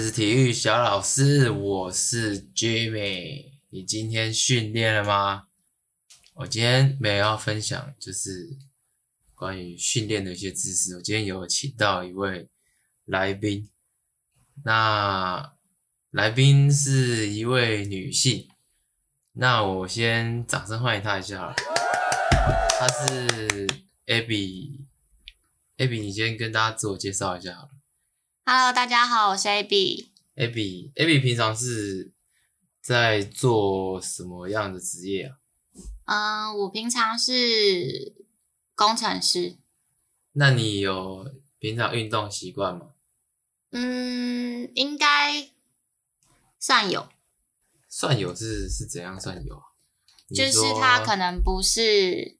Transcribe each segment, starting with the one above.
這是體育小老師，我是 Jimmy。你今天訓練了嗎？我今天沒有要分享就是關於訓練的一些知識。我今天有請到一位來賓，那來賓是一位女性。那我先掌聲歡迎她一下。她是 Abbie，Abbie，你先跟大家自我介紹一下好了。Hello，大家好，我是 Abbie。Abbie，Abbie 平常是在做什麼樣的職業啊？嗯，我平常是工程師。那你有平常運動習慣嗎？嗯，應該算有。算有是是怎樣算有？就是他可能不是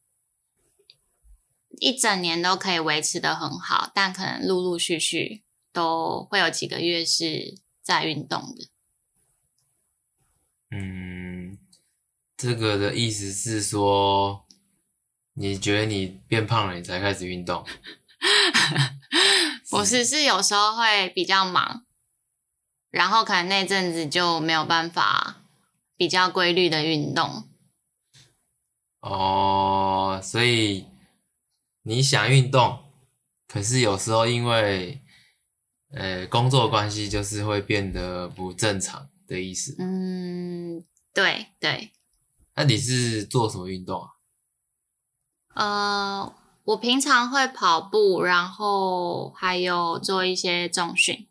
一整年都可以維持得很好，但可能陸陸續續。都會有幾個月是在運動的。嗯，這個的意思是說，你覺得你變胖了，你才開始運動？ 是我是是有時候會比較忙，然後可能那陣子就沒有辦法比較規律的運動。哦，所以你想運動，可是有時候因為呃、欸，工作關係就是會變得不正常的意思。嗯，對對。那你是做什麼運動啊？呃，我平常會跑步，然後還有做一些重訓，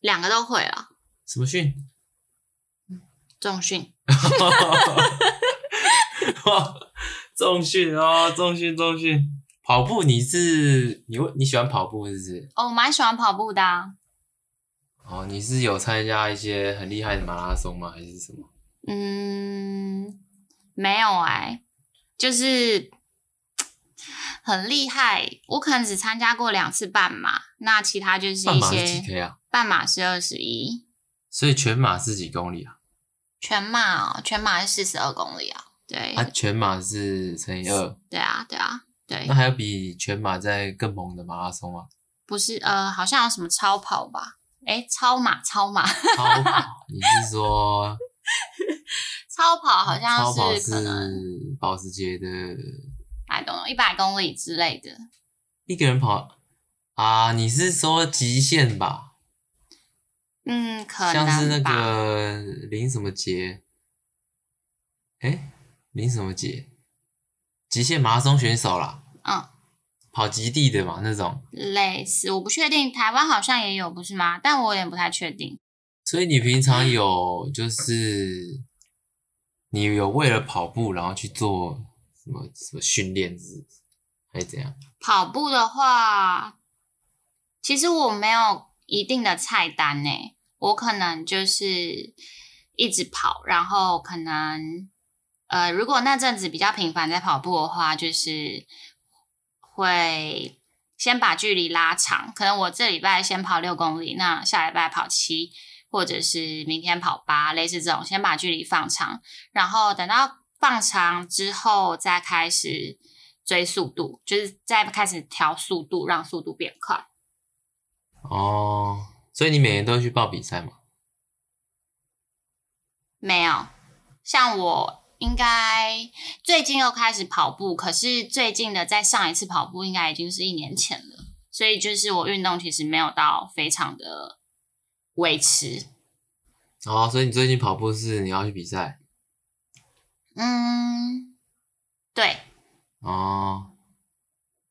兩個都會了。什麼訓？重訓。 重訓啊、哦！重訓，重訓。跑步你，你是你你喜歡跑步是不是？哦，我蠻喜歡跑步的、啊。哦，你是有參加一些很厲害的馬拉松嗎？還是什麼？嗯，沒有哎、欸，就是很厲害。我可能只參加過兩次半馬，那其他就是一些半馬是幾 K 啊？半馬是二十一。所以全馬是幾公里啊？全馬哦、喔，全馬是四十二公里啊、喔。對啊，全馬是乘以二。對啊，對啊。對那還有比全馬再更猛的馬拉松嗎、啊？不是，呃，好像有什麼超跑吧？誒超馬，超馬，超馬，超跑 你是說超跑？好像是超跑是保時捷的，哎，懂懂，一百公里之類的，一個人跑啊？你是說極限吧？嗯，可能像是那個林什麼傑？誒、欸、林什麼傑？極限馬拉松選手啦，嗯，跑極地的嘛，那種，類似我不確定，台灣好像也有不是嗎？但我有點不太確定。所以你平常有、嗯、就是你有為了跑步然後去做什麼什麼訓練之，還是怎樣？跑步的話，其實我沒有一定的菜單耶。我可能就是一直跑，然後可能。呃，如果那陣子比較頻繁在跑步的話，就是會先把距離拉長。可能我這禮拜先跑六公里，那下禮拜跑七，或者是明天跑八，類似這種，先把距離放長，然後等到放長之後再開始追速度，就是再開始調速度，讓速度變快。哦，所以你每年都去報比賽嗎？沒有，像我。應該最近又開始跑步，可是最近的在上一次跑步應該已經是一年前了，所以就是我運動其實沒有到非常的維持。哦，所以你最近跑步是你要去比賽？嗯，對。哦，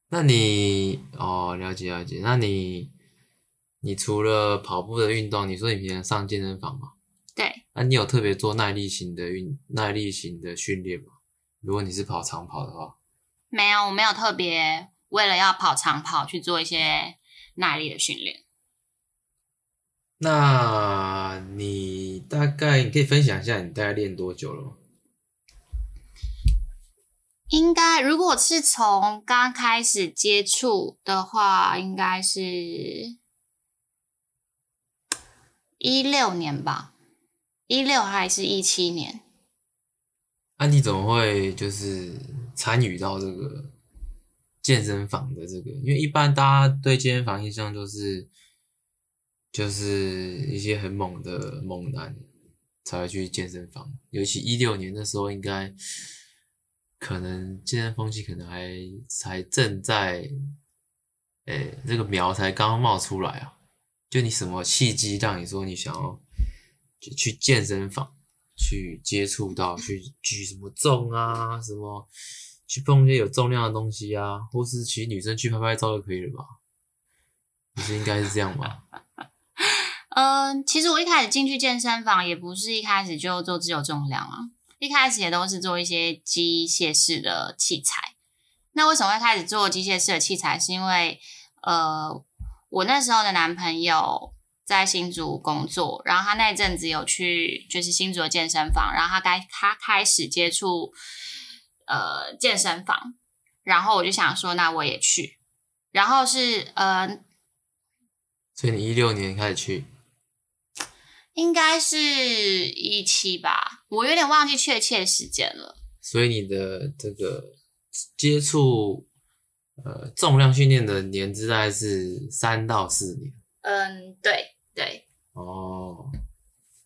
那你哦了解了解，那你你除了跑步的運動，你說你平常上健身房嗎？對，那、啊、你有特別做耐力型的運耐力型的訓練嗎如果你是跑長跑的話，沒有，我沒有特別為了要跑長跑去做一些耐力的訓練。那你大概你可以分享一下，你大概練多久了嗎？應該如果是從剛開始接觸的話，應該是16年吧。一六還是一七年？那、啊、你怎麼會就是參與到這個健身房的這個？因為一般大家對健身房印象都是，就是，就是一些很猛的猛男才會去健身房。尤其一六年那時候應，應該可能健身風氣可能還才正在，誒、欸、這個苗才剛剛冒出來啊。就你什麼契機讓你說你想要？去健身房去接觸到去舉什麼重啊，什麼去碰一些有重量的東西啊，或是其實女生去拍拍照就可以了吧？不是應該是這樣吧？ 嗯，其實我一開始進去健身房也不是一開始就做自由重量啊，一開始也都是做一些機械式的器材。那為什麼會開始做機械式的器材？是因為呃，我那時候的男朋友。在新竹工作，然後他那陣子有去，就是新竹的健身房，然後他開他開始接觸呃健身房，然後我就想說，那我也去。然後是呃，所以你一六年開始去？應該是一七吧，我有點忘記確切時間了。所以你的這個接觸呃重量訓練的年資大概是三到四年？嗯、呃，對。對哦，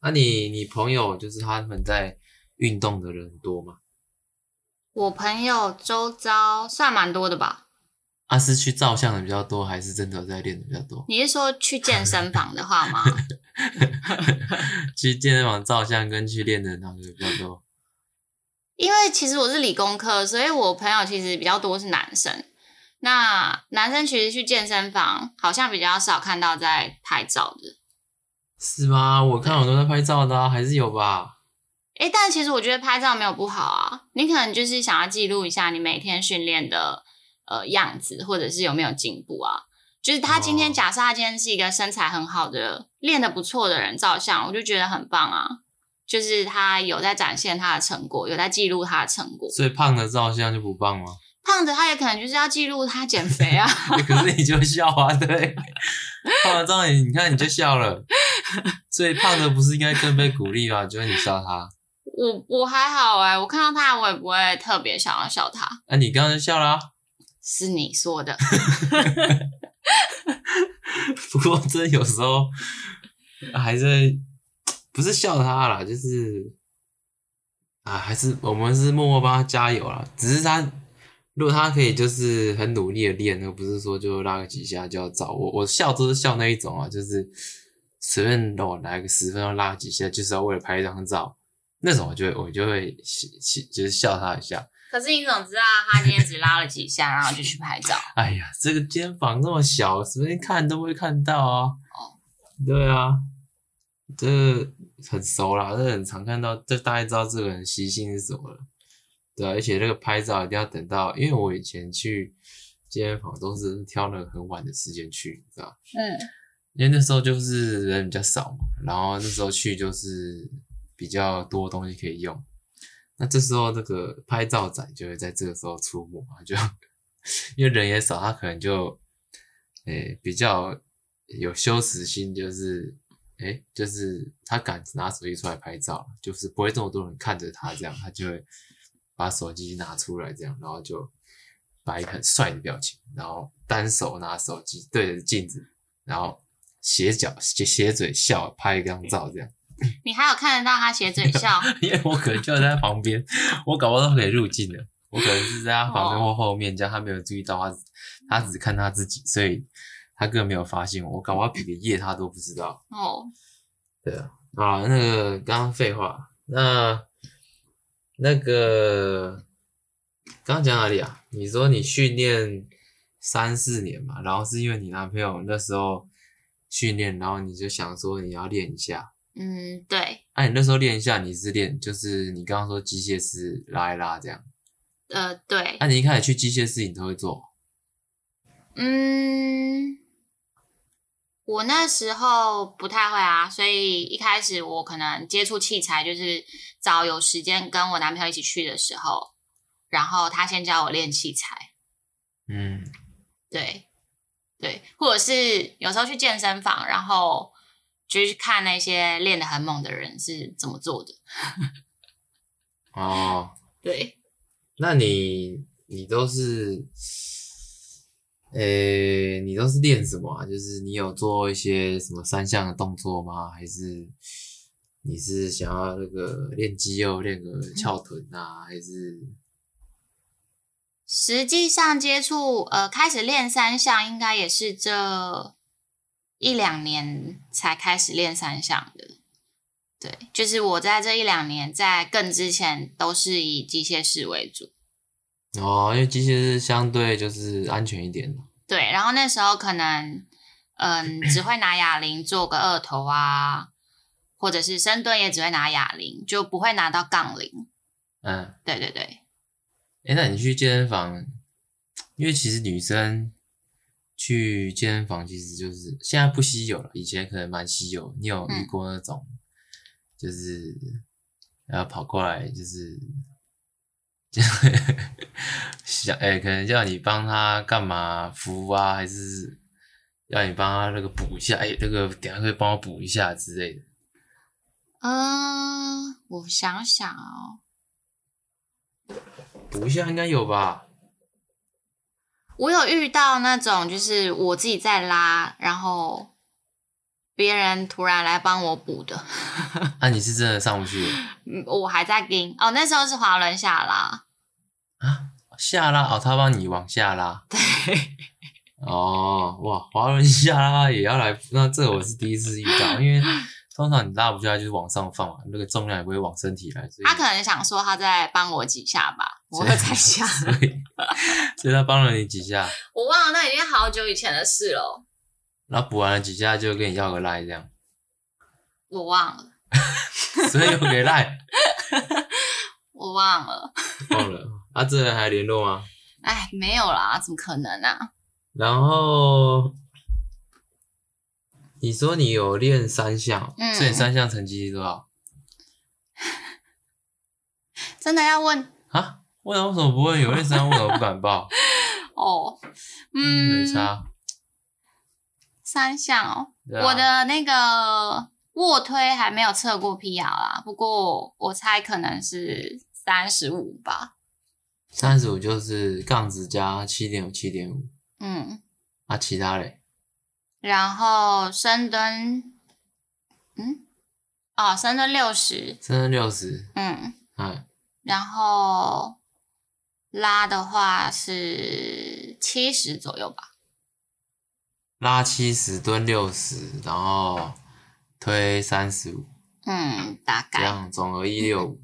那你你朋友就是他們在運動的人多嗎？我朋友周遭算蠻多的吧。啊，是去照相的比較多，還是真的在練的比較多？你是說去健身房的話嗎？ 去健身房照相跟去練的哪個比較多？因為其實我是理工科，所以我朋友其實比較多是男生。那男生其實去健身房，好像比較少看到在拍照的，是嗎？我看很多在拍照的啊，對還是有吧。誒、欸，但其實我覺得拍照沒有不好啊，你可能就是想要記錄一下你每天訓練的呃樣子，或者是有沒有進步啊。就是他今天，哦、假設他今天是一個身材很好的、練得不錯的人照相，我就覺得很棒啊。就是他有在展現他的成果，有在記錄他的成果。所以胖的照相就不棒嗎？胖子他也可能就是要記錄他減肥啊， 可是你就笑啊，對，拍完照你你看你就笑了，所以胖子不是應該更被鼓勵嗎？覺得你笑他，我我還好哎、欸，我看到他我也不會特別想要笑他。哎，啊、你剛才笑了、啊，是你說的。 不過這有時候還是不是笑他啦，就是啊，還是我們是默默幫他加油啦。只是他。如果他可以就是很努力的練，又不是說就拉個幾下就要找我，我笑都是笑那一種啊，就是隨便讓我來個十分鐘拉個幾下，就是要為了拍一張照，那種我就我就會笑，就是笑他一下。可是你總知道他今天只拉了幾下， 然後就去拍照。哎呀，這個肩膀這麼小，隨便看都會看到啊。哦。對啊，這個、很熟啦，這個、很常看到，這大概知道這個人習性是什麼了。對啊，而且這個拍照一定要等到，因為我以前去健身房都是挑那個很晚的時間去，你知道？嗯，因為那時候就是人比較少嘛，然後那時候去就是比較多東西可以用，那這時候那個拍照仔就會在這個時候出沒嘛，就因為人也少，他可能就誒、哎，比較有羞恥心，就是誒、哎、就是他敢拿手機出來拍照，就是不會這麼多人看着他這樣，他就會。把手機拿出來，這樣，然後就擺一個很帥的表情，然後單手拿手機對着鏡子，然後斜角斜斜嘴笑，拍一張照，這樣。你還有看得到他斜嘴笑？ 因為我可能就在他旁邊， 我搞不好都可以入鏡的。我可能是在他旁邊或後面，叫他沒有注意到他，他只看他自己，所以他根本沒有發現我。我搞不好比個耶，他都不知道。哦， 對啊，啊，那個剛剛廢話，那。那個，剛剛講哪裡啊？你說你訓練三四年嘛，然後是因為你男朋友那時候訓練，然後你就想說你要練一下。嗯，對。那、啊、你那時候練一下，你是練就是你剛剛說機械師拉一拉這樣。呃，對。那、啊、你一開始去機械師，你都會做？嗯。我那時候不太會啊，所以一開始我可能接觸器材，就是找有時間跟我男朋友一起去的時候，然後他先教我練器材。嗯，對，對，或者是有時候去健身房，然後就去看那些練得很猛的人是怎麼做的。 哦，對，那你你都是？誒，你都是練什麼啊？就是你有做一些什麼三項的動作嗎？還是你是想要那個練肌肉、練個翹臀啊？還是實際上接觸呃，開始練三項應該也是這一兩年才開始練三項的。對，就是我在這一兩年，在更之前都是以機械式為主。哦，因為機械式相對就是安全一點的。對，然後那時候可能，嗯、呃，只會拿啞鈴做個二頭啊，或者是深蹲也只會拿啞鈴，就不會拿到槓鈴。嗯，對對對。誒、欸，那你去健身房，因為其實女生去健身房其實就是現在不稀有了，以前可能蠻稀有。你有遇過那種，嗯、就是然後跑過來就是。 想哎、欸，可能要你幫他幹嘛扶啊，還是要你幫他那個補一下？哎、欸，那、這個等下可以幫我補一下之類的。嗯，我想想哦，補一下應該有吧。我有遇到那種，就是我自己在拉，然後。別人突然來幫我補的，那 啊，你是真的上不去。嗯，我還在頂哦，那時候是滑輪下拉。啊，下拉哦，他幫你往下拉。對。哦，哇，滑輪下拉也要來？那這個我是第一次遇到， 因為通常你拉不下來，就是往上放嘛，那個重量也不會往身體來。他可能想說，他在幫我幾下吧，我在想所所，所以他幫了你幾下。 我忘了，那已經好久以前的事了。然後補完了幾下，就跟你要個賴這樣。我忘了， 所以我給賴。我忘了。忘了。阿、啊、志、這個、人還聯絡嗎？哎，沒有啦，怎麼可能啊？然後你說你有練三項，嗯、所以你三項成績是多少？真的要問啊？問了為什麼不問？有練三項，為什麼不敢報？ 哦，嗯，沒差。三項哦，對啊，我的那個臥推還沒有測過 PR 啦，不過我猜可能是三十五吧。三十五就是槓子加七點五，七點五。嗯，啊，其他嘞？然後深蹲，嗯，哦，深蹲六十。深蹲六十。嗯，哎，然後拉的話是七十左右吧。拉七十蹲六十，然後推三十五，嗯，大概這樣，總和一六五。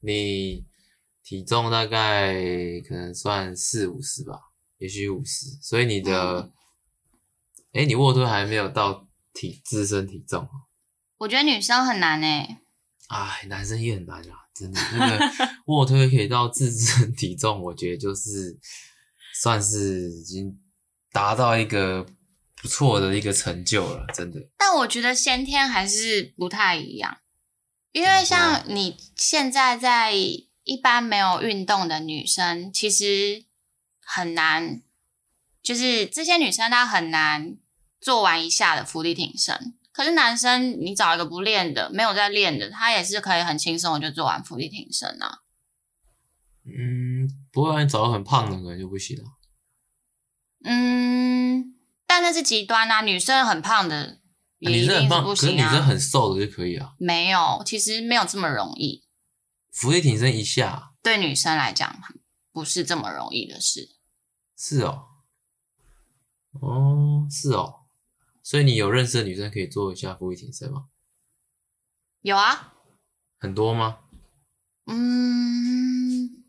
你體重大概可能算四五十吧，也許五十。所以你的，哎、嗯，你臥推還沒有到體自身體重、啊、我覺得女生很難誒、欸、哎，男生也很難啊，真的。臥、那個、 推可以到自身體重，我覺得就是算是已經達到一個。不錯的一個成就了，真的。但我覺得先天還是不太一樣，因為像你現在在一般沒有運動的女生，其實很難，就是這些女生她很難做完一下的伏地挺身。可是男生，你找一個不練的、沒有在練的，他也是可以很輕鬆的就做完伏地挺身啊。嗯，不會，你找很胖的人就不行了。嗯。但是是極端啊，女生很胖的，啊，女生很胖，可是女生很瘦的就可以啊。沒有，其實沒有這麼容易。伏地挺身一下，對女生來講不是這麼容易的事。是哦，哦，是哦。所以你有認識的女生可以做一下伏地挺身嗎？有啊。很多嗎？嗯，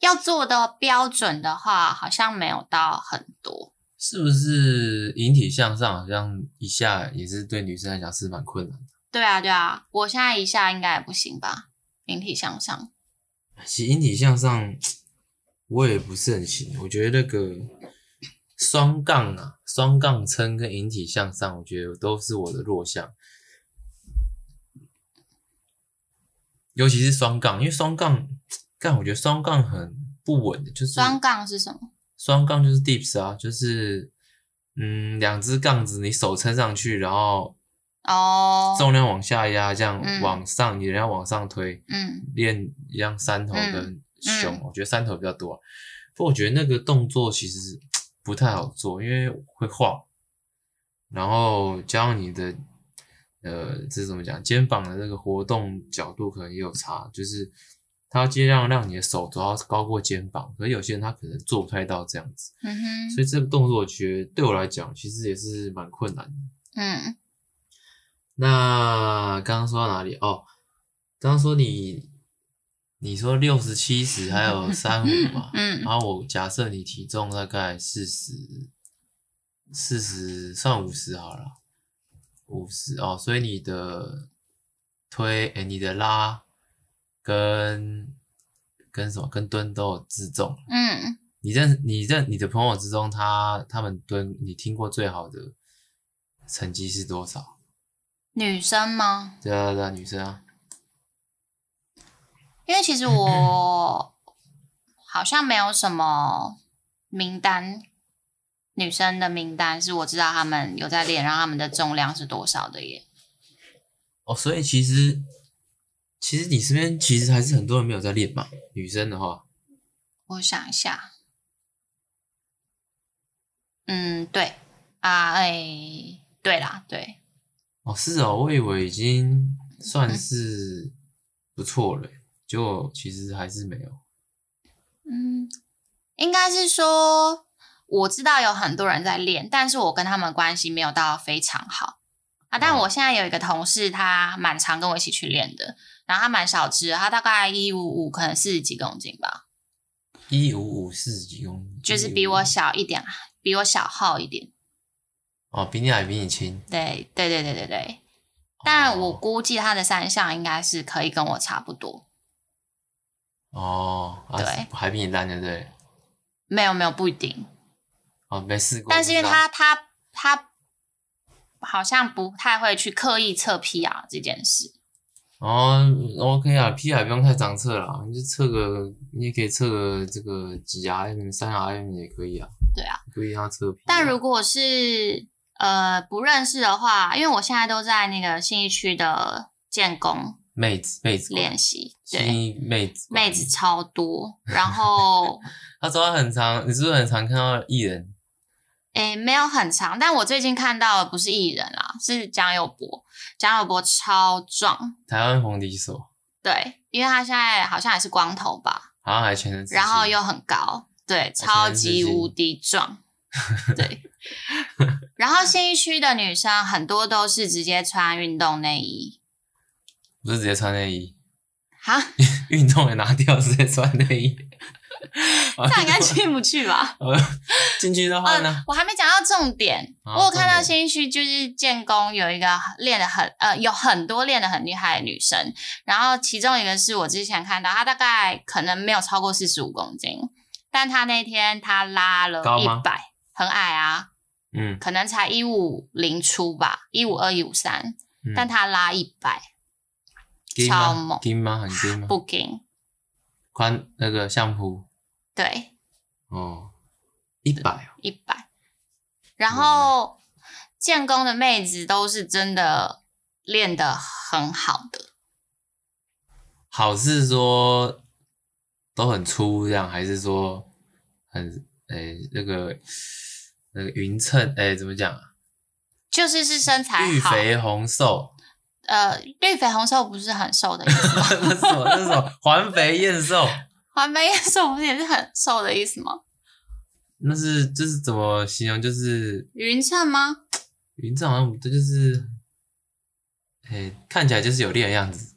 要做的標準的話，好像沒有到很多。是不是引體向上好像一下也是對女生來講是蠻困難的？對啊，對啊，我現在一下應該也不行吧？引體向上，其實引體向上我也不是很行。我覺得那個雙槓啊，雙槓撐跟引體向上，我覺得都是我的弱項，尤其是雙槓，因為雙槓，但我覺得雙槓很不穩，就是雙槓是什麼？雙槓就是 dips 啊，就是嗯，兩隻槓子你手撐上去，然後哦，重量往下壓，這樣往上，oh. 你還要往上推，嗯，mm. 練一樣三頭跟胸，mm. 我覺得三頭比較多，mm. 不過我覺得那個動作其實不太好做，因為會晃，然後教你的呃，這是怎麼講，肩膀的那個活動角度可能也有差，就是。他盡量讓你的手肘要高過肩膀，可是有些人他可能做不太到這樣子，嗯、哼所以這個動作我覺得對我來講其實也是蠻困難的。嗯，那剛剛說到哪裡哦？剛剛說你，你說六十七十還有三五嘛？嗯，然、嗯、後、嗯啊、我假設你體重大概四十，四十算五十好了，五十哦，所以你的推誒，欸、你的拉。跟跟什麼跟蹲都有自重。嗯，你認你認你的朋友之中他，他他們蹲你聽過最好的成績是多少？女生嗎？對啊對啊，女生啊。因為其實我好像沒有什麼名單， 女生的名單是我知道他們有在練，然後他們的重量是多少的耶。哦，所以其實。其實你身邊其實還是很多人沒有在練嘛，女生的話，我想一下，嗯，對啊，哎、欸，對啦，對。哦，是哦，我以為已經算是不錯了，Okay. 結果其實還是沒有。嗯，應該是說我知道有很多人在練，但是我跟他們關係沒有到非常好啊。但我現在有一個同事，他蠻常跟我一起去練的。然後他蠻小只，他大概一五五，可能四十幾公斤吧。一五五四十幾公斤，就是比我小一點，比我小號一點。哦，比你矮，比你輕對。對對對對對。但我估計他的三項應該是可以跟我差不多。哦，對哦、啊，還比你爛，對不對？沒有沒有，不一定。哦，沒試過。但是因為他他他，好像不太會去刻意測皮啊這件事。哦，OK 啊，P 海不用太常測了，你就測個，你也可以測個這個幾 RM、三 RM 也可以啊。對啊，可以要測。但如果是呃不認識的話，因為我現在都在那個信義區的建工妹子妹子練習，對妹子對妹子超多，然後 他走的很長，你是不是很常看到藝人？哎、欸，沒有很長，但我最近看到的不是藝人啦、啊，是蔣友柏，蔣友柏超壯，台灣的一所，對，因為他現在好像還是光頭吧，好像還全身，然後又很高，對，超級無敵壯，對， 然後信義區的女生很多都是直接穿運動內衣，不是直接穿內衣，哈，運 動也拿掉，直接穿內衣。那 應該進不去吧？進 去的話呢？啊、我還沒講到重點。好我有看到新區就是建工有一個練的很呃，有很多練的很厲害的女生。然後其中一個是我之前看到，她大概可能沒有超過四十五公斤，但她那天她拉了一百嗎，很矮啊，嗯，可能才一五零出吧，一五二、一五三，但她拉一百嗎，超猛，緊嗎？很緊嗎？不緊硬。寬、嗯、那個相撲。對，哦，一百、哦，一百，然後對建工的妹子都是真的練得很好的，好是說都很粗這樣，還是說很哎那個那個勻稱哎怎麼講、啊、就是是身材，綠肥紅瘦，呃，綠肥紅瘦不是很瘦的意思，什麼什是什麼環肥燕瘦。還沒有瘦不是也是很瘦的意思嗎？那是這、就是怎麼形容？就是勻稱嗎？勻稱好像這就是，哎、欸，看起來就是有練的樣子。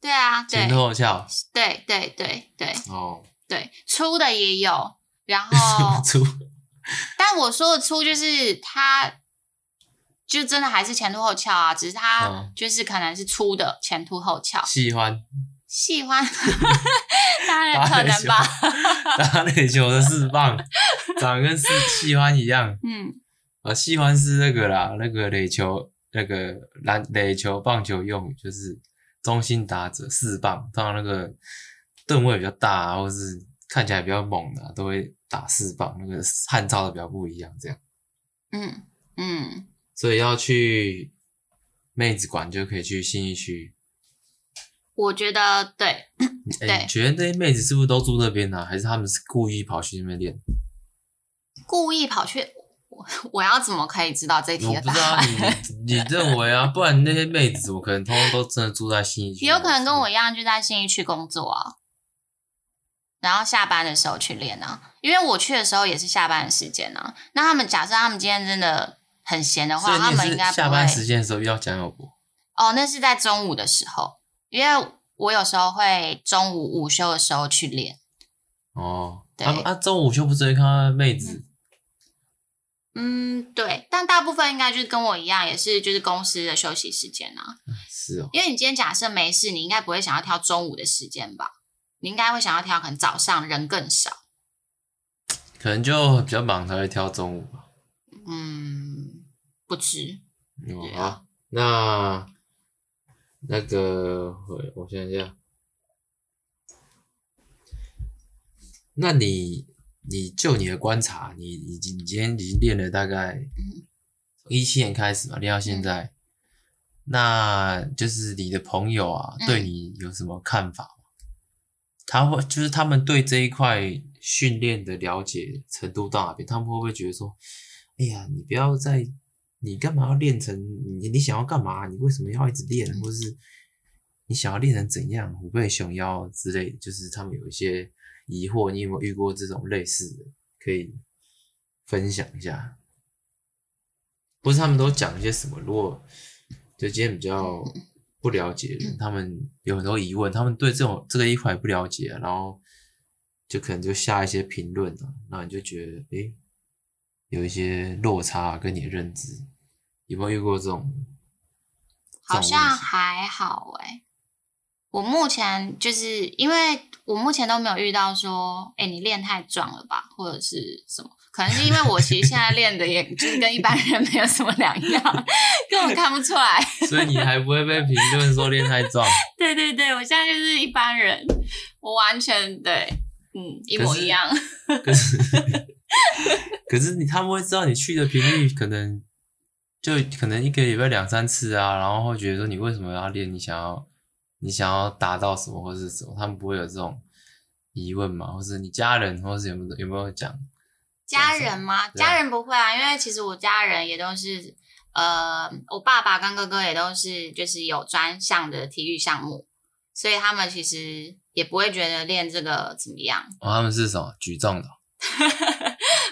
對啊，對前凸後翹。對對對對。哦，對,對, oh. 對，粗的也有，然後粗，但我說的粗就是它，就真的還是前凸後翹啊，只是它就是可能是粗的、oh. 前凸後翹。喜歡。喜歡，當然壘球吧，打壘球，球的四棒，打 跟喜歡一樣。嗯，呃，喜歡是那個啦，那個壘球，那個籃壘球棒球用就是中心打者四棒，當那個噸位比較大，啊，或是看起來比較猛的，啊，都會打四棒。那個漢超的比較不一樣，這樣。嗯嗯，嗯，所以要去妹子館就可以去信義區。我覺得對，對，欸、 對覺得那些妹子是不是都住那邊呢、啊？還是他們是故意跑去那邊練？故意跑去我，我要怎麼可以知道這題的答案，我不知道。你你認為啊？ 不然那些妹子怎麼可能通通都真的住在信義區？也有可能跟我一樣，就在信義區工作啊，然後下班的時候去練呢、啊？因為我去的時候也是下班的時間呢、啊。那他們假設他們今天真的很閒的話，他們應該下班時間的時候要講有友哦，那是在中午的時候。因為我有時候會中午午休的時候去練。哦，對啊，中午就不至於看到妹子。嗯，對，但大部分應該就是跟我一樣，也是就是公司的休息時間吶、啊。是哦。因為你今天假設沒事，你應該不會想要挑中午的時間吧？你應該會想要挑可能早上人更少。可能就比較忙才會挑中午吧。嗯，不知。好、嗯啊、那。那個，我我想一下。那你，你就你的觀察，你已經，今天已經練了大概一七年開始嘛，練到現在，嗯、那就是你的朋友啊，對你有什麼看法、嗯、他會就是他們對這一塊訓練的了解程度到哪邊？他們會不會覺得說，哎呀，你不要再。你幹嘛要練成你？你想要幹嘛？你為什麼要一直練？或是你想要練成怎樣？虎背熊腰之類，就是他們有一些疑惑。你有沒有遇過這種類似的？可以分享一下。不是他們都講一些什麼？如果對這些比較不了解的人，他們有很多疑問，他們對這種這個一塊也不了解啊，然後就可能就下一些評論啊。那你就覺得，哎、欸。有一些落差跟你的認知，有沒有遇過這種？好像還好哎、欸，我目前就是因為我目前都沒有遇到說，哎、欸，你練太壯了吧，或者是什麼？可能是因為我其實現在練的也就跟一般人沒有什麼兩樣，根本 看不出來，所以你還不會被評論說練太壯。 對對對，我現在就是一般人，我完全對，嗯，是一模一樣。 可是你他們會知道你去的頻率，可能就可能一個禮拜兩三次啊，然後會覺得說你為什麼要練，你想要你想要達到什麼或是什麼，他們不會有這種疑問嗎？或是你家人，或是有沒有有沒有講家人嗎？對家人不會啊，因為其實我家人也都是，呃，我爸爸跟哥哥也都是就是有專項的體育項目，所以他們其實也不會覺得練這個怎麼樣。哦，他們是什麼？舉重的哦？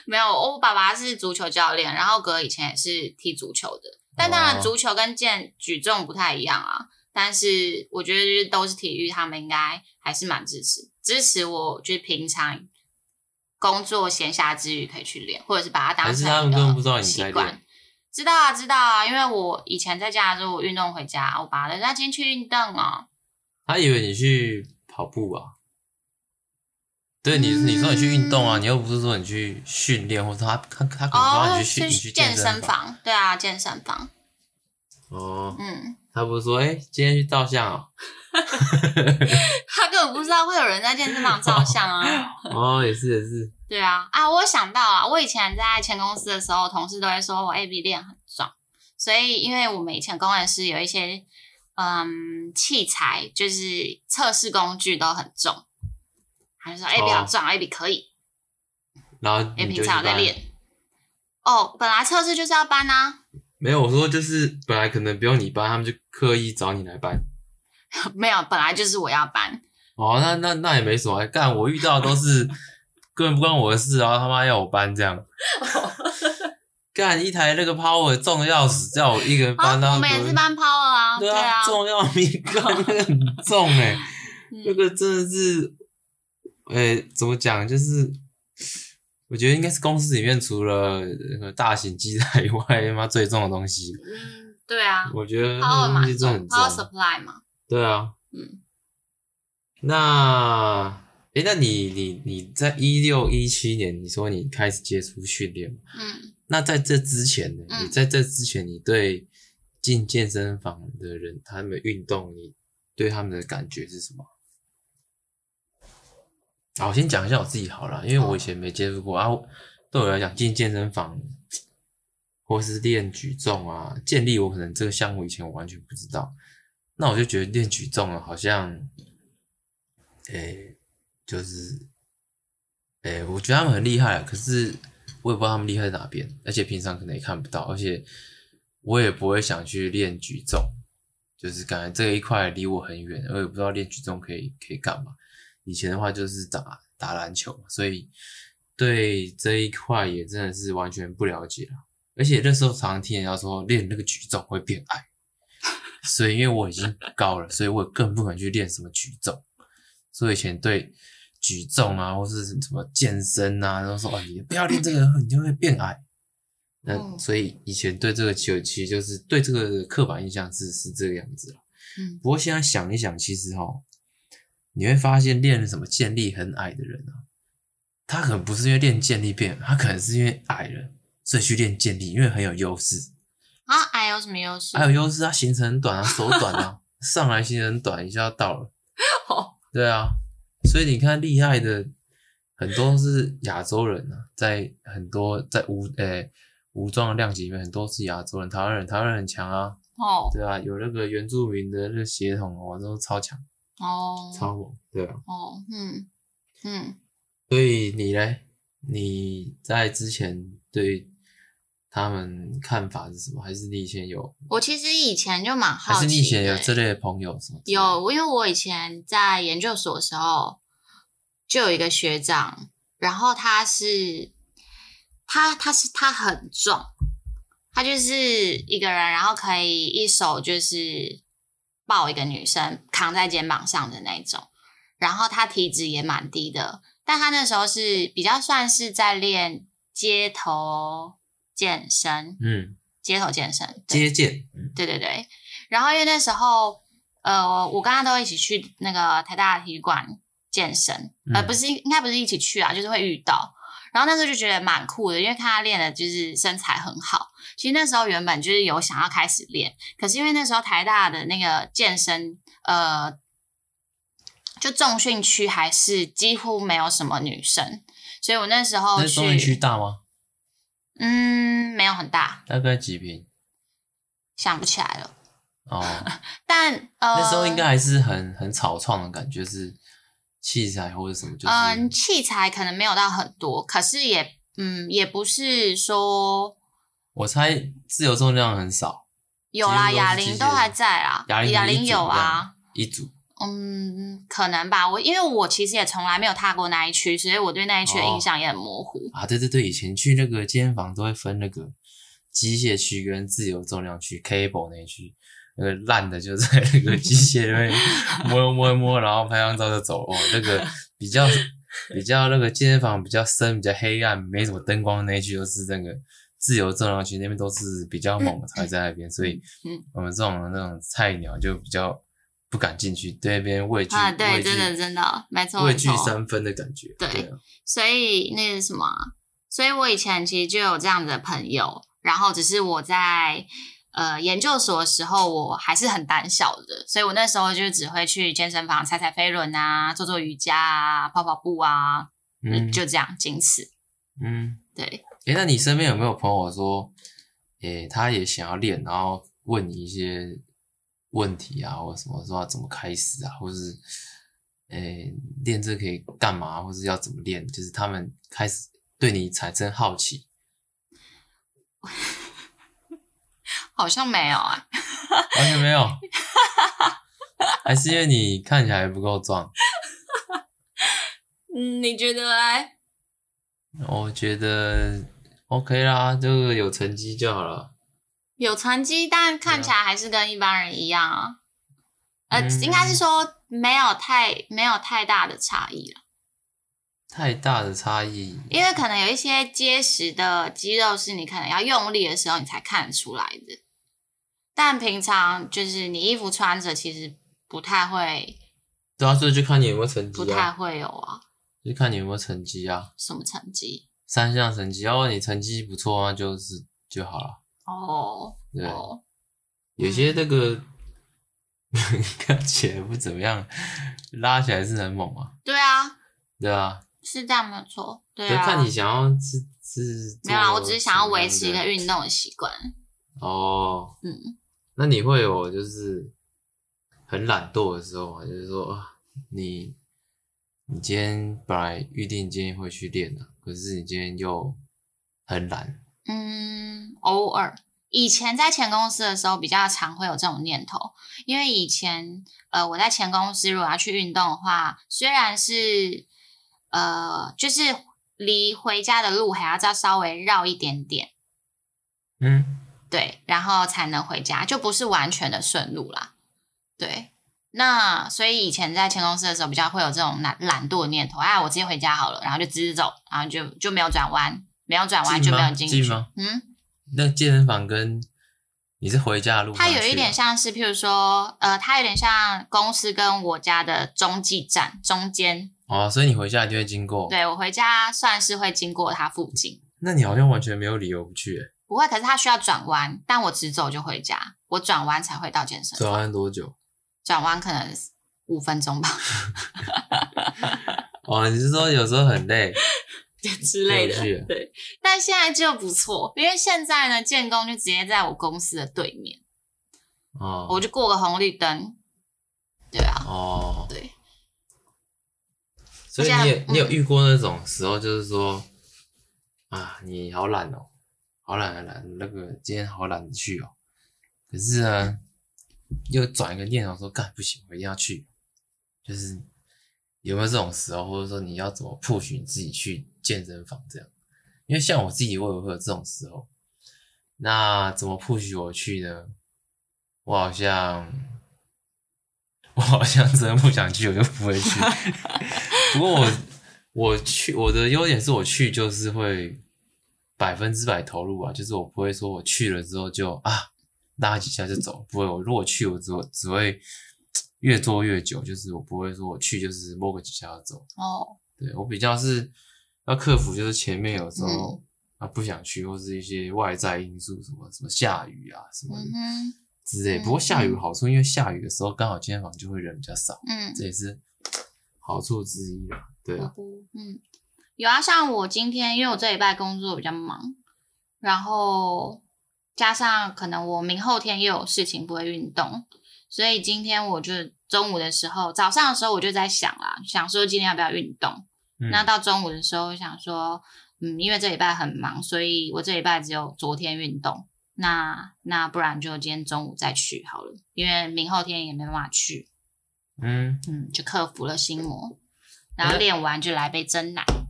沒有，我爸爸是足球教練，然後哥以前也是踢足球的。但當然，足球跟健舉重不太一樣啊。但是我覺得就是都是體育，他們應該還是蠻支持。支持我就是平常工作閒暇之餘可以去練，或者是把它當成習慣。還是他們根本不知道你在練？知道啊，知道啊，因為我以前在家的時候我運動回家，我爸爸說今天去運動了啊。他以為你去跑步啊？對，你你說你去運動啊，你又不是說你去訓練，或者他他他可能讓你去、哦、你去健身，健身房，對啊，健身房。哦，嗯，他不是說，哎、欸，今天去照相哦。 他根本不知道會有人在健身房照相啊。哦，哦，也是也是。 對啊，啊，我想到啊，我以前在前公司的時候，同事都會說我 Abbie 練很爽，所以因為我們以前公司時有一些嗯器材，就是測試工具都很重。他說 A：“ 哎、哦，比較準，哎，比可以。然後就，哎，平常在練。哦，本來測試就是要搬吶、啊。沒有，我說就是本來可能不用你搬，他們就刻意找你來搬。沒有，本來就是我要搬。哦，那那那也沒什麼。幹，我遇到的都是根本不關我的事，然後他媽要我搬這樣。 幹一台那個 power 重的要死，叫我一個人搬。啊、我們也是搬 power 啊。對啊，重要你剛 那個很重哎、欸，那、 嗯、個真的是。”誒，怎麼講？就是我覺得應該是公司裡面除了那個大型機台以外，他媽最重的東西。對啊，我覺得。Power Supply 嘛。對啊，嗯。那，誒，那你你你在一六一七年，你說你開始接觸訓練嘛？嗯。那在這之前呢？嗯。你在這之前，你對進健身房的人，他們運動，你對他們的感覺是什麼？好、啊，我先講一下我自己好了，因為我以前沒接觸過、哦、啊。對我來講，進健身房或是練舉重啊，健力，我可能這個項目以前我完全不知道。那我就覺得練舉重啊，好像，誒、欸，就是，誒、欸，我覺得他們很厲害、啊，可是我也不知道他們厲害在哪邊，而且平常可能也看不到，而且我也不會想去練舉重，就是感覺這一塊離我很遠，我也不知道練舉重可以可以幹嘛。以前的話就是打打籃球，所以對這一塊也真的是完全不了解了。而且那時候常常聽人家說練那個舉重會變矮，所以因為我已經高了，所以我更不敢去練什麼舉重。所以以前對舉重啊，或是什麼健身啊、然後都說哦，你不要練這個， 你就會變矮。那所以以前對這個球其實就是對這個刻板印象是是這個樣子啦。嗯，不過現在想一想，其實哈。你會發現練什麼健力很矮的人啊，他可能不是因為練健力變，他可能是因為矮了，所以去練健力，因為很有優勢啊。矮有什麼優勢？矮有優勢，他行程很短啊，手短啊， 上來行程很短，一下到了。哦，oh. 對啊，所以你看厲害的很多是亞洲人啊，在很多在無，誒、欸、武裝的量級裡面，很多是亞洲人，台灣人台灣人很強啊。哦，oh. 對啊，有那個原住民的那個血統哦，都超強。哦，超猛，對啊。哦，嗯嗯，所以你嘞，你在之前對他們看法是什麼？還是你以前有？我其實以前就蠻好奇的。還是你以前有這類的朋友什麼？對有，因為我以前在研究所的時候，就有一個學長，然後他是，他他是他很壯，他就是一個人，然後可以一手就是。抱一個女生，扛在肩膀上的那種，然後她體脂也蠻低的，但她那時候是比較算是在練街頭健身，嗯，街頭健身，街健，街健，對對對。然後因為那時候，呃，我我跟她都一起去那個台大體育館健身，呃，不是，應該不是一起去啊，就是會遇到。然後那時候就覺得蠻酷的，因為看他練的，就是身材很好。其實那時候原本就是有想要開始練，可是因為那時候台大的那個健身，呃，就重訓區還是幾乎沒有什麼女生，所以我那時候去。那重訓區大嗎？嗯，沒有很大。大概幾坪？想不起來了。哦。 但呃那時候應該還是很很草創的感覺是。器材或者什麼就是，就嗯，器材可能沒有到很多，可是也，嗯，也不是說。我猜自由重量很少。有啦、啊，啞鈴都，都還在啊，啞鈴有啊，一組。嗯，可能吧，我因為我其實也從來沒有踏過那一區，所以我對那一區的印象也很模糊、哦、啊。對對對，以前去那個健身房都會分那個機械區跟自由重量區，Cable 那一區。那個爛的就在那個機器那邊摸一摸一摸，然後拍張照就走哦，那個比較比較那個健身房比較深、比較黑暗、沒什麼燈光，那區都是那個自由重量區，那邊都是比較猛的、嗯、才在那邊，所以我們這種那種菜鳥就比較不敢進去，嗯、對那邊畏懼啊，對，真的真的沒錯，畏懼三分的感覺。對，對啊、所以那是什麼，所以我以前其實就有這樣的朋友，然後只是我在。呃，研究所的時候我還是很膽小的，所以我那時候就只會去健身房踩踩飛輪啊，做做瑜伽啊，跑跑步啊，嗯，就這樣，僅此。嗯，對。哎、欸，那你身邊有沒有朋友說，欸、他也想要練，然後問你一些問題啊，或什麼說要怎麼開始啊，或是，哎、欸，練這可以幹嘛，或是要怎麼練？就是他們開始對你產生好奇。 好像沒有啊，完全沒有， 還是因為你看起來不夠壯。嗯，你覺得呢？我覺得 OK 啦，就是有成績就好了。有成績，但看起來還是跟一般人一樣，喔、啊、嗯。呃，應該是說沒有太沒有太大的差異了。太大的差異，因為可能有一些結實的肌肉是你可能要用力的時候你才看得出來的。但平常就是你衣服穿着，其實不太會。主要是就看你有沒有成績。不太會有啊。就看你有沒有成績啊。什麼成績？三項成績，然後你成績不錯，啊，就是就好了。哦。對。有些那個看起來不怎麼樣，拉起來是很猛啊。對啊。對啊，是這樣，沒有錯。對啊。就看你想要是是。沒有啊，我只是想要維持一個運動的習慣。哦。嗯。那你會有就是很懶惰的時候，就是說你你今天本來預定今天會去練的，可是你今天又很懶。嗯，偶爾，以前在前公司的時候比較常會有這種念頭，因為以前呃我在前公司如果要去運動的話，雖然是呃就是離回家的路還要再稍微繞一點點。嗯。對，然後才能回家，就不是完全的順路啦。對，那所以以前在前公司的時候，比較會有這種懶懶惰的念頭，哎、啊，我直接回家好了，然後就直，直走，然後就就沒有轉彎，沒有轉彎就沒有進去。進嗎？進嗎？嗯，那健身房跟你是回家的路、啊，它有一點像是，譬如說，呃，它有點像公司跟我家的中繼站中間。哦、啊，所以你回家就會經過？對，我回家算是會經過它附近。那你好像完全沒有理由不去、欸。不會，可是他需要轉彎，但我直走就回家，我轉彎才會到健身。轉彎多久？轉彎可能五分鐘吧。 哦，你是說有時候很累？之類 的，累。對，但現在就不錯，因為現在呢，建工就直接在我公司的對面，哦，我就過個紅綠燈，對啊，哦，對。所以你有你有遇過那種時候，就是說、嗯、啊，你好懶哦。好懶啊，懶那個今天好懶得去哦。可是呢，又轉一個念頭說，乾不行，我一定要去。就是有沒有這種時候，或者說你要怎麼 push 你自己去健身房這樣？因為像我自己，我也會有這種時候。那怎麼 push 我去呢？我好像，我好像真的不想去，我就不會去。 不過我，我去，我的優點是我去就是會。百分之百投入啊，就是我不會說我去了之後就啊拉幾下就走，不會。我如果去，我只只會越做越久，就是我不會說我去就是摸個幾下就走。哦，對我比較是要克服，就是前面有時候、嗯嗯、啊不想去，或是一些外在因素，什麼什麼下雨啊什麼之類。不過下雨有好處，嗯、因為下雨的時候剛好健身房就會人比較少，嗯，這也是好處之一嘛，啊，對啊、嗯，嗯。有啊，像我今天，因為我這禮拜工作比較忙，然後加上可能我明後天又有事情，不會運動，所以今天我就中午的時候，早上的時候我就在想啦，想說今天要不要運動。嗯、那到中午的時候，我想說，嗯，因為這禮拜很忙，所以我這禮拜只有昨天運動。那那不然就今天中午再去好了，因為明後天也沒辦法去。嗯嗯，就克服了心魔，然後練完就來杯珍奶。嗯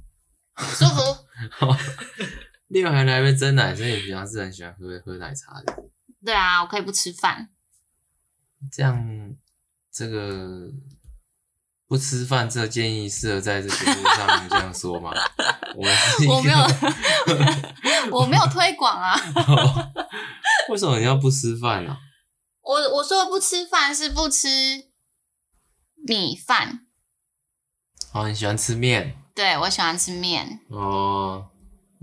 舒服 好。另外還來一杯珍奶，所以平常是很喜歡喝喝奶茶的。對啊，我可以不吃飯。這樣，這個不吃飯這個建議適合在這節目上面這樣說嗎？ 我沒有， 我沒有推廣啊。 oh, 為什麼你要不吃飯呢、啊？我我說的不吃飯是不吃米飯。哦，你喜歡吃麵。對，我喜歡吃麵。哦，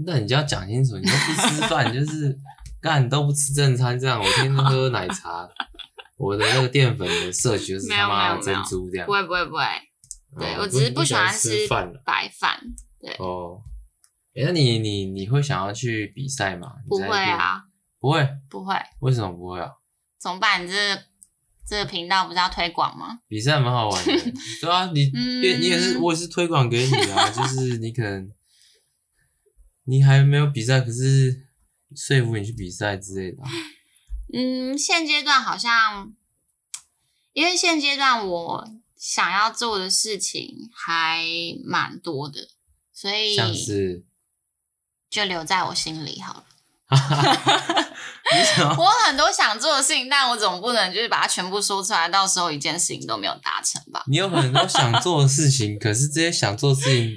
那你就要講清楚，你要不吃飯， 你就是幹都不吃正餐，這樣我天天喝奶茶， 我的那個澱粉的攝取就是他媽的珍珠這樣，沒有沒有沒有。不會不會不會，哦、對，我只是不喜歡吃白飯。對哦，哎、欸，那你你你會想要去比賽嗎？你在不會啊，不會，不會，為什麼不會啊？總感覺這個頻道不是要推廣嗎？比賽蠻好玩的， 對啊，你、嗯、你也是，我也是推廣給你啊，就是你可能你還沒有比賽，可是說服你去比賽之類的、啊。嗯，現階段好像，因為現階段我想要做的事情還蠻多的，所以像是就留在我心裡好了。像是 我有很多想做的事情，但我總不能就是把它全部說出來，到時候一件事情都沒有達成吧。你有很多想做的事情， 可是這些想做的事情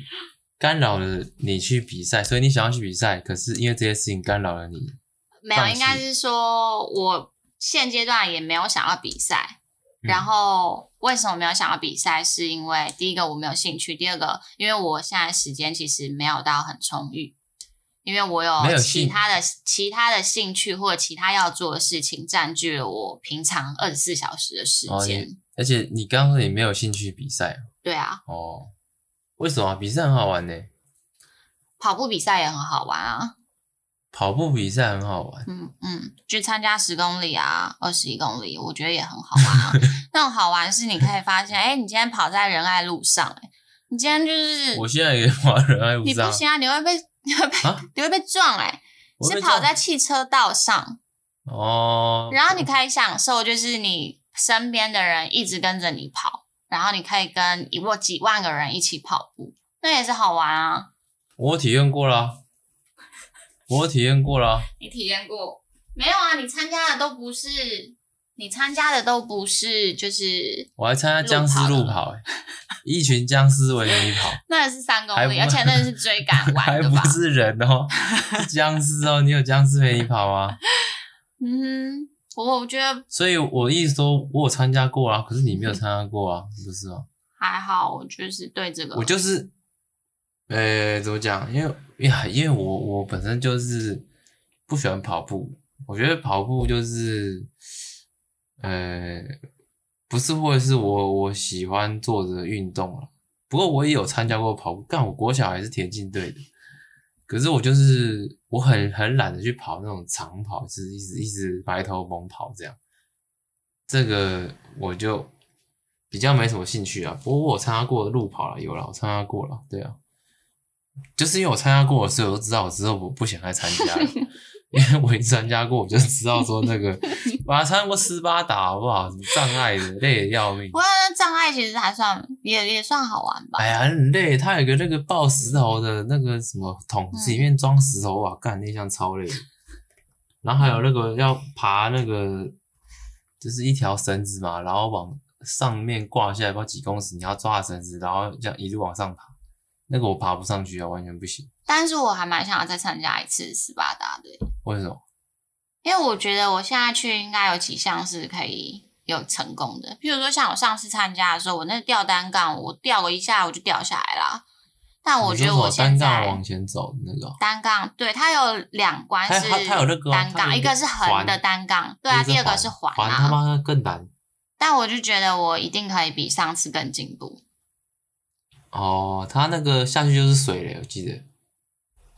干擾了你去比賽，所以你想要去比賽，可是因為這些事情干擾了你。沒有，應該是說我現階段也沒有想要比賽。嗯、然後為什麼沒有想要比賽？是因為第一個我沒有興趣，第二個因為我現在時間其實沒有到很充裕。因為我有其他的其他的興趣或者其他要做的事情占據了我平常二十四小時的時間。哦，而且你剛剛說你沒有興趣比賽，對啊，哦，為什麼？比賽很好玩呢，跑步比賽也很好玩啊，跑步比賽很好玩，嗯嗯，去、嗯、參加十公里啊，二十一公里，我覺得也很好玩啊。 那種好玩是你可以發現，哎、欸，你今天跑在仁愛路上，欸，哎，你今天就是我現在也跑仁愛路上，你不行啊，你會被。你會被蛤你會被撞誒、欸、是跑在汽車道上哦，然後你可以享受，就是你身邊的人一直跟着你跑，然後你可以跟一波幾萬個人一起跑步，那也是好玩啊！我體驗過了，我體驗過了， 你體驗過沒有啊？你參加的都不是。你參加的都不是，就是我還參加僵屍路跑、欸， 一群僵屍陪你跑， 那也是三公里，不而且那是追趕，還不是人哦、喔， 僵屍哦、喔，你有僵屍陪你跑啊？ 嗯，我我覺得，所以我意思說我有參加過啊，嗯、可是你沒有參加過啊，嗯、是不是哦？還好，我就是對這個，我就是，誒、欸、怎麼講？因為因為我我本身就是不喜歡跑步，我覺得跑步就是。嗯呃，不是，或者是我我喜歡做的運動啊，不過我也有參加過跑步，幹，我國小還是田徑隊的。可是我就是我很很懶得去跑那種長跑，就是一直一直白頭猛跑這樣。這個我就比較沒什麼興趣啊。不過我參加過的路跑了，有了，我參加過了，對啊，就是因為我參加過的時候，我都知道，之後我不，不想再參加了。 因為 我已經參加過，我就知道說那個，我還參加過斯巴達，好不好？什麼障礙的累得要命。不過障礙其實還算也也算好玩吧。哎呀，很累。它有個那個抱石頭的那個什麼桶，裡面裝石頭啊幹、嗯、那項超累。然後還有那個要爬那個，就是一條繩子嘛，然後往上面掛下來，不知道幾公尺，你要抓繩子，然後這樣一直往上爬。那個我爬不上去啊，完全不行。但是我還蠻想要再參加一次斯巴達的。為什麼？因為我覺得我現在去應該有幾項是可以有成功的，譬如說像我上次參加的時候，我那個吊單槓，我吊了一下我就掉下來了。但我覺得我現在單槓往前走的那個單槓，對它有兩關是單槓，一個是橫的單槓，環對啊，第二個是環、啊。環他媽更難。但我就覺得我一定可以比上次更進步。哦，它那個下去就是水了，我記得。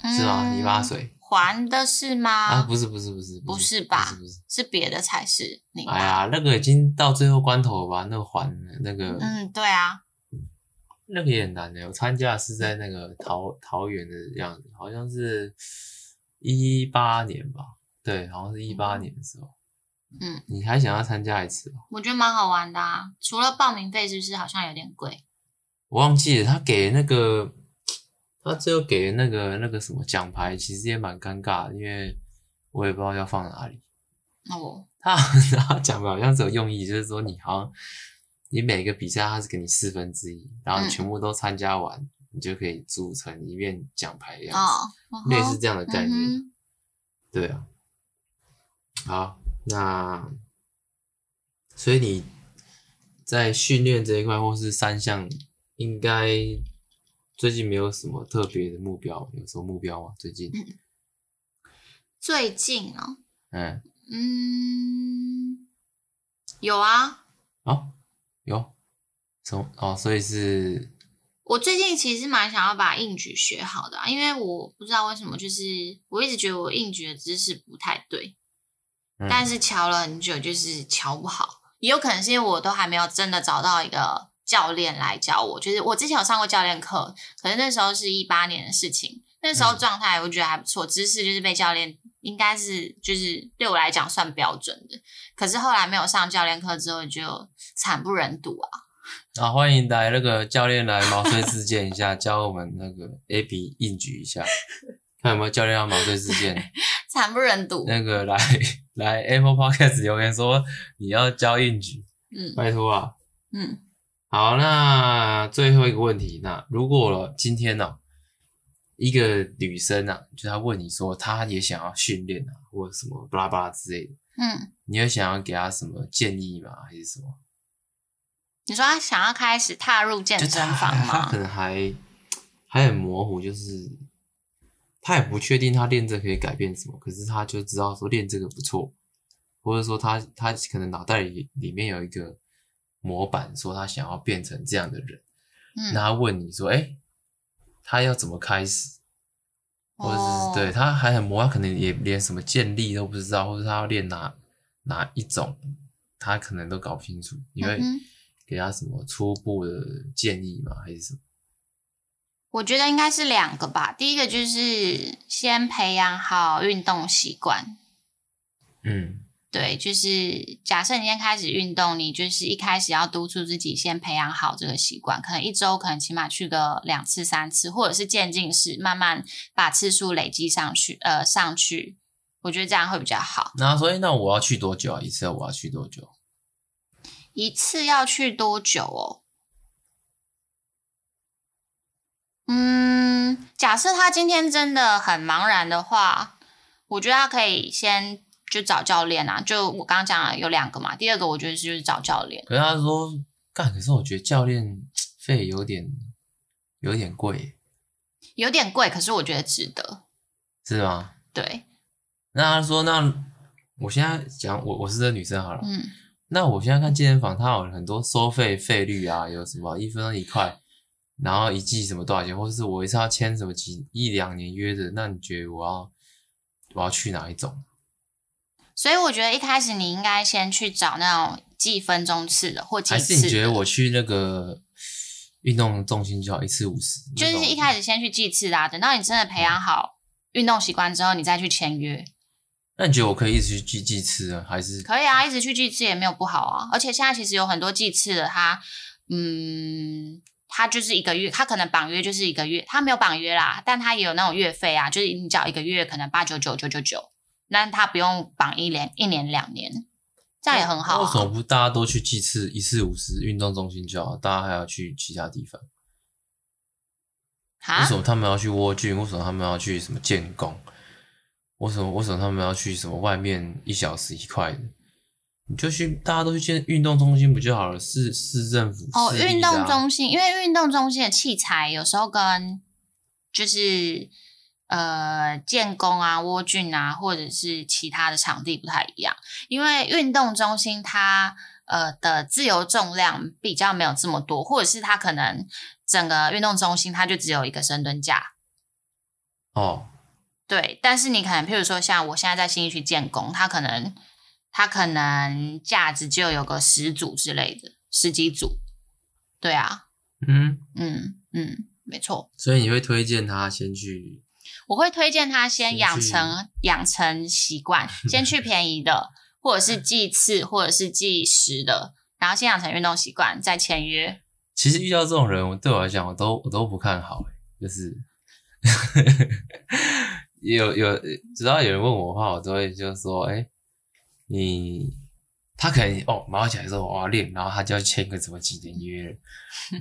是嗎？泥巴水、嗯、還的是嗎？啊，不是不是不是，不是吧？不是，不是。是別的才是。哎呀，那個已經到最後關頭了吧？那個、還那個……嗯，對啊、嗯，那個也很難的。我參加是在那個桃桃園的樣子，好像是一八年吧？對，好像是一八年的時候。嗯，嗯，你還想要參加一次？我覺得蠻好玩的啊，除了報名費，是不是好像有點貴？我忘記了，嗯、他給那個。他最後給的那個那個什麼獎牌，其實也蠻尷尬的，因為我也不知道要放哪裡。哦、oh.，他他獎牌好像是有用意，就是說你好像你每個比賽他是給你四分之一，然後你全部都參加完，嗯、你就可以組成一面獎牌一樣，oh. Oh. 類似這樣的概念。Mm hmm. 對啊，好，那所以你在訓練這一塊或是三項應該。最近沒有什麼特別的目標，有什麼目標嗎、啊？最近？嗯、最近哦、喔。嗯。嗯，有啊。啊、哦？有？什？哦，所以是。我最近其實蠻想要把硬舉學好的、啊，因為我不知道為什麼，就是我一直覺得我硬舉的姿勢不太對，嗯、但是喬了很久，就是喬不好，也有可能是因為我都還沒有真的找到一個。教練來教我，就是我之前有上過教練課，可是那時候是一八年的事情，那時候狀態我覺得還不錯，姿勢就是被教練應該是就是對我來講算標準的。可是後來沒有上教練課之後，就慘不忍睹啊！啊，歡迎來那個教練來毛遂自薦一下， 教我們那個 Abbie 硬舉一下， 看有沒有教練要毛遂自薦。慘 不忍睹，那個來來 Apple Podcast 留言說你要教硬舉，嗯，拜託啊，嗯。好，那最後一個問題，那如果今天呢、啊，一個女生呢、啊，就她問你說，她也想要訓練啊，或者什麼巴拉巴拉之類的，嗯，你有想要給她什麼建議嗎？還是什麼？你說她想要開始踏入健身房嗎？可能還還很模糊，就是她也不確定她練這可以改變什麼，可是她就知道說練這個不錯，或者說她她可能腦袋裡裡面有一個。模板說他想要變成這樣的人，嗯、那他問你說：“誒、欸，他要怎麼開始？”哦、或者是對他還很模糊，他可能也連什麼建立都不知道，或者他要練哪哪一種，他可能都搞不清楚。你會給他什麼初步的建議嗎？還是什麼？我覺得應該是兩個吧。第一個就是先培養好運動習慣。嗯。對，就是假設你今天開始運動，你就是一開始要督促自己先培養好這個習慣，可能一週可能起碼去個兩次、三次，或者是漸進式慢慢把次數累積上去，呃，上去，我覺得這樣會比較好。那所以，那我要去多久啊？一次我要去多久？一次要去多久哦？嗯，假設他今天真的很茫然的話，我覺得他可以先。就找教練啊，就我剛剛講了有兩個嘛，第二個我覺得是就是找教練。可是他說，幹，可是我覺得教練費有點，有點貴，有點貴。可是我覺得值得。是嗎？對。那他說，那我現在講，我我是這女生好了，嗯，那我現在看健身房，它有很多收費費率啊，有什麼一分鐘一塊，然後一季什麼多少錢，或是我一次要簽什麼幾一兩年約的，那你覺得我要我要去哪一種？所以我覺得一開始你應該先去找那種計分鐘次的，或計次的。還是你覺得我去那個運動中心就要一次五十？就是一開始先去計次啊，等到你真的培養好運動習慣之後，你再去簽約。那、嗯、你覺得我可以一直去計計次啊？還是可以啊，一直去計次也沒有不好啊。而且現在其實有很多計次的，他嗯，他就是一個月，他可能綁約就是一個月，他沒有綁約啦，但他也有那種月費啊，就是你繳一個月可能八九九九九九。那他不用綁一年、一年兩年，這樣也很好啊。為什麼不大家都去計次一次五十，運動中心就好，大家還要去其他地方？啊蛤？為什麼他們要去 World Gym？為什麼他們要去什麼健工？為什麼為什麼他們要去什麼外面一小時一塊的？你就去大家都去建運動中心不就好了？市市政府哦，運動中心，因為運動中心的器材有時候跟就是。呃，建工啊，窩俊啊，或者是其他的場地不太一樣，因為運動中心它呃的自由重量比較沒有這麼多，或者是它可能整個運動中心它就只有一個深蹲架。哦，對，但是你可能譬如說像我現在在信義區建工，它可能它可能架子就有，有個十組之類的十幾組，對啊，嗯嗯嗯，沒錯，所以你會推薦他先去。我會推薦他先養成養實成習慣，先去便宜的，或者是計次，或者是計時的，然後先養成運動習慣，再簽約。其實遇到這種人，對我來講，我都我都不看好、欸。就是有 有，只要有人問我的話，我都會就說：“誒、欸、你他可能哦，馬上起來說我要練，然後他就要簽個什麼幾年約，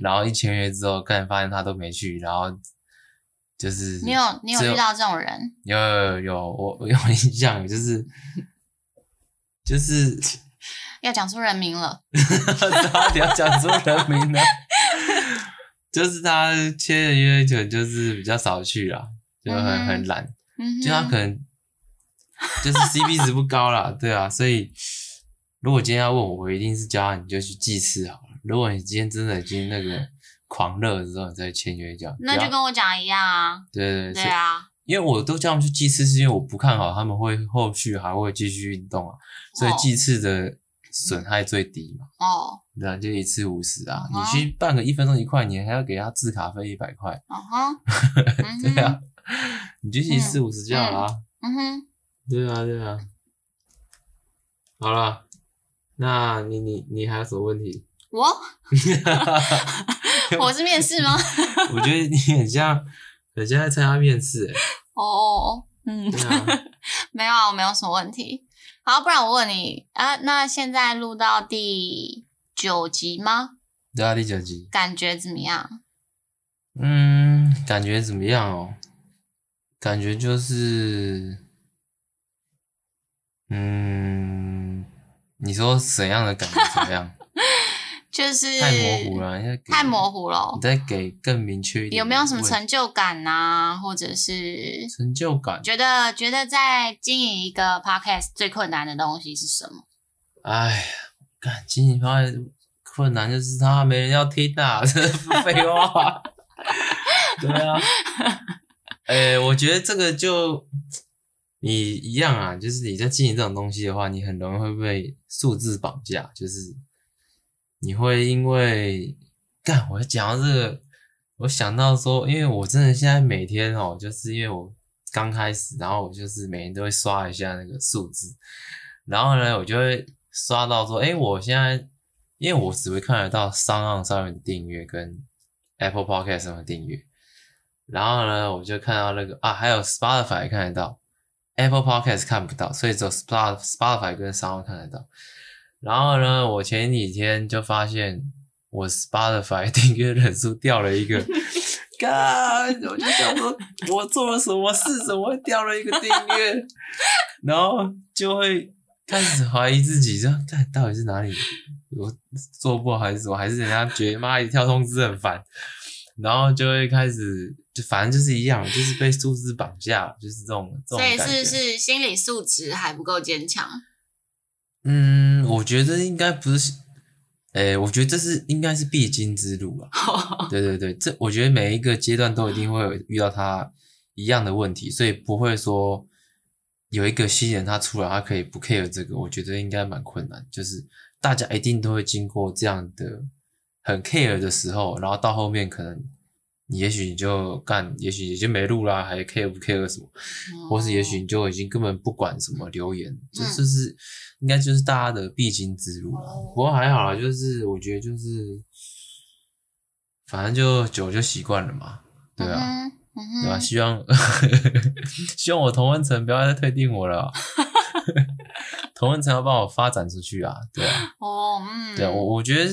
然後一簽約之後，突然發現他都沒去，然後。”就是有你有你有遇到這種人？有有有，我有印象，就是就是要講出人名了， 到底要講出人名呢？ 就是他簽的約就就是比較少去了，就很、嗯、哼很懶，就他可能就是 CP 值不高了， 對啊，所以如果今天要問我，我一定是教他你就去祭祀好了。如果你今天真的已經那個，狂熱的時候你再簽約一下，那就跟我講一樣啊。對對對，對啊，因為我都叫他們去計次，是因為我不看好他們會後續還會繼續運動啊，所以計次的損害最低嘛。哦，oh. 對啊，就一次五十啊。Uh huh. 你去辦個一分鐘一塊，你還要給他制卡費一百塊。哦、uh，huh. uh huh. 對啊，你就其實四五十就好了啊。嗯哼、uh，huh. 對啊，對啊。好了，那你你你還有什麼問題？我。 我是面試嗎？ 我覺得你很像，很像在參加面試、欸。哦、oh, 啊，嗯，哦，嗯，沒有啊，我沒有什麼問題。好，不然我問你啊，那現在錄到第九集嗎？錄到、啊、第九集。感覺怎麼樣？嗯，感覺怎麼樣哦、喔？感覺就是，嗯，你說怎樣的感覺怎麼樣？ 就是太模糊了，太模糊了，你再給、哦、你再給更明確一點點的。有沒有什麼成就感啊？或者是成就感？覺得覺得在經營一個 podcast 最困難的東西是什麼？哎呀，幹，經營 podcast 困難就是他沒人要聽啊，廢話。 對啊，哎、欸，我覺得這個就你一樣啊，就是你在經營這種東西的話，你很容易會被數字綁架，就是。你會因為幹？我講到這個，我想到說，因為我真的現在每天哦，就是因為我剛開始，然後我就是每天都會刷一下那個數字，然後呢，我就會刷到說，誒，我現在因為我只會看得到 Sound 上面訂閱跟 Apple Podcast 上面訂閱，然後呢，我就看到那個啊，還有 Spotify 看得到，Apple Podcast 看不到，所以只有 Spotify、Spotify 跟 Sound 看得到。然後呢，我前幾天就發現我 Spotify 訂閱人數掉了一個，幹！ 我就想說，我做了什麼事，怎麼會掉了一個訂閱？ 然後就會開始懷疑自己，說：這到底是哪裡？我做不好還是什麼？我還是人家覺得媽，媽一跳通知很煩？然後就會開始就反正就是一樣，就是被數字綁架，就是這種，這種。所以是是心理素質還不夠堅強。嗯，我覺得應該不是，誒，我覺得這是應該是必經之路啊。 對對對，這我覺得每一個階段都一定會有遇到他一樣的問題，所以不會說有一個新人他出來他可以不 care 這個，我覺得應該蠻困難。就是大家一定都會經過這樣的很 care 的時候，然後到後面可能。你也許你就幹，也許你就沒錄啦，啊，還 care 不 care 什麼，或是也許你就已經根本不管什麼留言，這、嗯、就，就是應該就是大家的必經之路。嗯、不過還好就是我覺得就是，反正就久就習慣了嘛，對啊，嗯嗯、對吧、啊、希望 希望我同溫層不要再退訂我了， 同溫層要幫我發展出去啊，對啊。哦，嗯、對啊，我我覺得。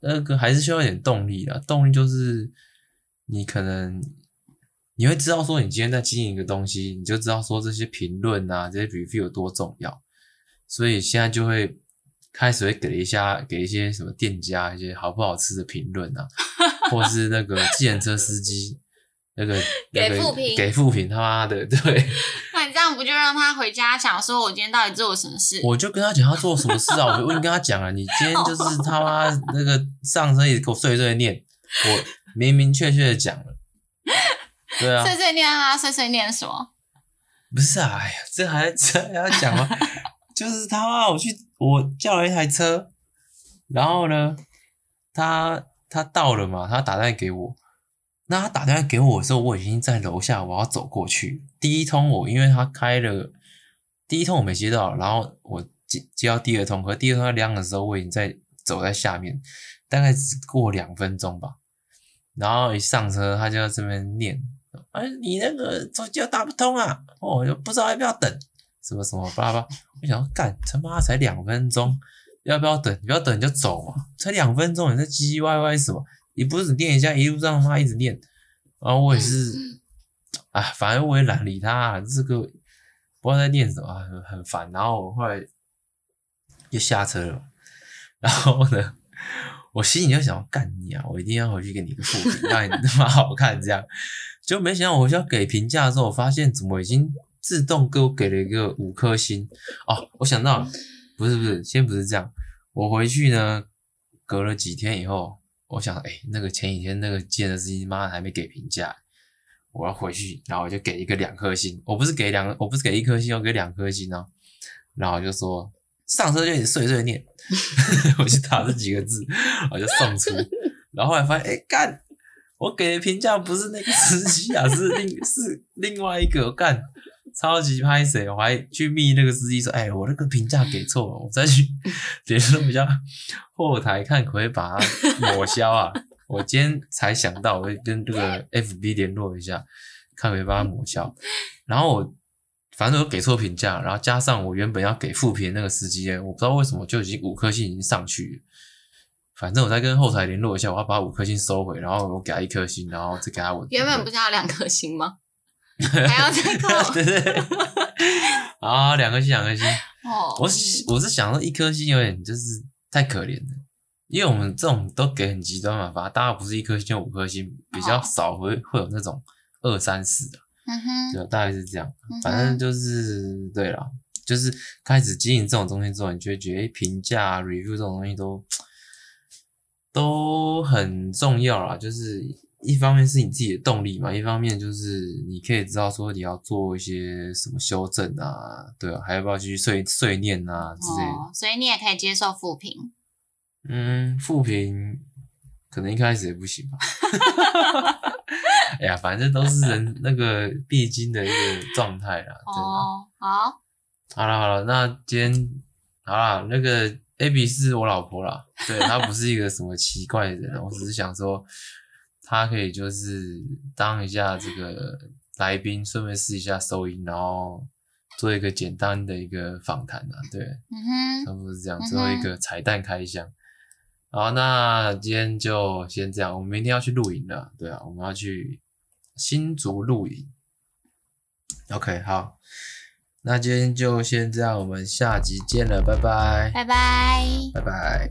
那個還是需要一點動力啦，動力就是你可能你會知道說你今天在經營一個東西，你就知道說這些評論啊，這些 review 有多重要，所以現在就會開始會給一下給一些什麼店家一些好不好吃的評論啊，或是那個計程車司機，那個，給負評，給負評，他媽的，對。那你這樣不就讓他回家想說，我今天到底做了什麼事？我就跟他講他做什麼事啊， 我就跟他講了，你今天就是他媽那個上車也給我碎碎念， 我明明確確的講了，對啊，碎碎念啊，碎碎念什麼？不是啊，哎呀，這還這要講嗎？ 就是他媽，我去，我叫了一台車，然後呢，他他到了嘛，他打電話給我。那他打電話給我的時候，我已經在樓下，我要走過去。第一通我因為他開了，第一通我沒接到，然後我接接到第二通，和第二通他亮的時候，我已經在走在下面，大概只過兩分鐘吧。然後一上車，他就在這邊念：“哎，你那個手機要打不通啊！”哦，我就不知道要不要等，什麼什麼叭叭。我想要幹，他媽才兩分鐘，要不要等？你不要等你就走嘛，才兩分鐘，你在嘰嘰歪歪什麼？你不是只念一下，一路上他媽一直念，然後我也是，啊，反正我也懶得理他、啊，這個不知道在念什麼，很很煩。然後我後來就下車了。然後呢，我心裡就想，幹你啊！我一定要回去給你一個負評，讓你媽好看。這樣，就沒想到我需要給評價的時候，我發現怎麼已經自動給我給了一個五顆星。哦，我想到，不是不是，先不是這樣。我回去呢，隔了幾天以後。我想，欸，那個前幾天那個借的司機媽還沒給評價，我要回去，然後我就給一個兩顆星，我不是給兩，我不是給一顆星，我給兩顆星喔，然後就說上車就碎碎念， 我就打這幾個字， 我就送出，然後後來發現，欸，幹，我給的評價不是那個司機啊，是另是另外一個幹。超級歹勢，我還去密那個司機說，哎、欸，我那個評價給錯了，我再去，別人都比較後台看，可不可以把它抹消啊？ 我今天才想到，我跟這個 FB 聯絡一下，看可不可以把它抹消。嗯、然後我，反正我給錯評價，然後加上我原本要給負評那個司機，我不知道為什麼就已經五顆星已經上去了。反正我再跟後台聯絡一下，我要把五顆星收回，然後我給他一顆星，然後再給他，我原本不是要兩顆星嗎？ 還要再扣， 對對對， 好啊，兩顆星，兩顆星。Oh, 我是我是想說，一顆星有點就是太可憐了，因為我們這種都給很極端嘛，反正大家不是一顆星，就五顆星比較少會，會、oh. 會有那種二三四的，嗯哼、uh，就、huh. 大概是這樣。反正就是對了，uh huh. 就是開始經營這種東西之後，你就會覺得評價、review 這種東西都都很重要啊，就是。一方面是你自己的動力嘛，一方面就是你可以知道說你要做一些什麼修正啊，對啊，還要不要繼續碎碎念啊之類的。哦，所以你也可以接受負評。嗯，負評可能一開始也不行吧。 哎呀，反正都是人那個必經的一個狀態啦。 對嘛哦，好。好了好了，那今天好了，那個 Abbie 是我老婆啦， 對，她不是一個什麼奇怪的人，我只是想說。他可以就是當一下這個來賓，順便試一下收音，然後做一個簡單的一個訪談啊，對，嗯哼，差不多是這樣，嗯哼，最後一個彩蛋開箱。好，那今天就先這樣，我們明天要去露營了，對啊，我們要去新竹露營。OK，好，那今天就先這樣，我們下集見了，拜拜，拜拜，拜拜。